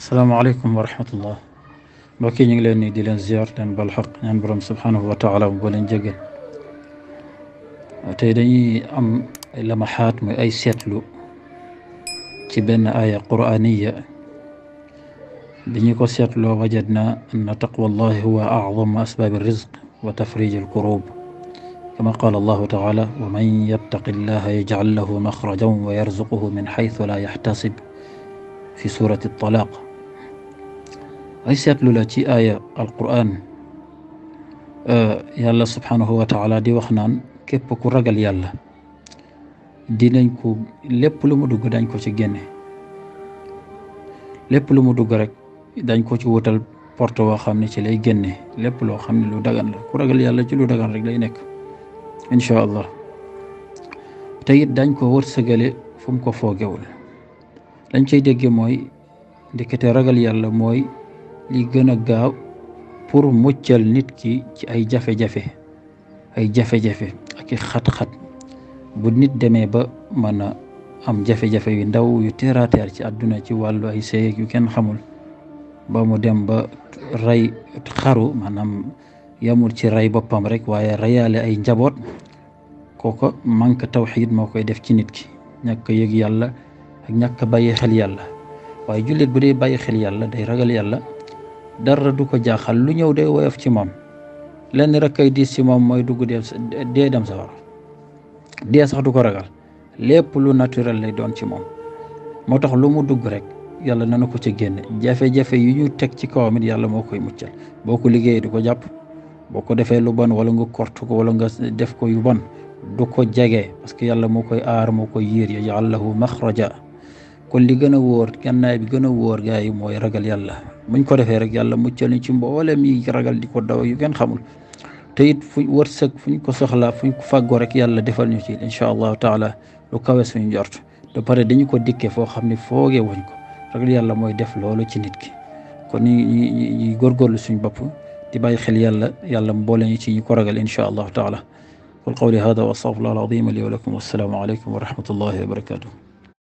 السلام عليكم ورحمة الله باكي نيغ لين دي لين زيار دان بالحق نان بروم سبحانه وتعالى بولين جيغل تاي داني ام لمحات مي اي سيتلو تي بن ايه قرانيه دي نيكو وجدنا ان تقوى الله هو اعظم اسباب الرزق وتفريج الكروب كما قال الله تعالى ومن يتق الله يجعل له مخرجا ويرزقه من حيث لا يحتسب في سوره الطلاق ay seetlu la ci aaya alquran euh, yàlla subhanahu wa taala di wax naan képp ku ragal yàlla dinañ ko lépp lu mu dugg dañ ko ci génne lépp lu mu dugg rek dañ ko ci wutal porte boo xam ne ci lay génne lépp loo xam ne lu dagan la ku ragal yàlla ci lu dagan rek lay nekk incha allah te it dañ ko wërsëgale fu mu ko foogewul lañ cay dégge mooy ndekete ragal yàlla mooy li gën a gaaw pour muccal nit ki ci ay jafe-jafe ay jafe-jafe ak i xat-xat bu nit demee ba mën a am jafe-jafe yu ndaw yu teer ci àdduna ci wàllu ay seeyeg yu kenn xamul ba mu dem ba rey xaru maanaam yamul ci rey boppam rek waaye reyaale ay njaboot kooko manque tawxiit moo koy def ci nit ki ñàkk yëg yàlla ak ñàkk a bàyyi xel yàlla waaye jullit bu dee bàyyi xel yàlla day ragal yàlla dara du ko jàqal lu ñëw de woyof ci moom lenn rek kay diis ci moom mooy dugg dee dem sa safara dee sax du ko ragal lépp lu naturel lay doon ci moom moo tax lu mu dugg rek yàlla nana ko ca génn jafe-jafe yu ñu teg ci kawam it yàlla moo koy muccal boo ko liggéeyee du ko jàpp boo ko defee lu bon wala nga kortu ko wala nga def ko yu bon du ko jege parce que yàlla moo koy aar moo koy yiir yajal lahu maxraja kon li gën a wóor gannaay bi gën a wóor gaa yi mooy ragal yàlla buñ ko defee rek yàlla muccal ñu ci mboolem yi ragal di ko daw yu kenn xamul te it fuñ wërsëg fuñ ko soxlaa fuñ ko fàggoo rek yàlla defal ñu ci incha allahu taala lu kawe suñu njort ba pare dañu ko dikkee foo xam ne foogee wuñ ko ragal yàlla mooy def loolu ci nit ki kon ñu ñu ñu góorgóorlu suñ bopp di bàyyi xel yàlla yàlla mboole ñu ci ñu ko ragal incha allahu taala qul qawli hada wa astaghfirullah al azim li wa lakum wassalaamu aleykum wa rahmatullahi wa barakatuh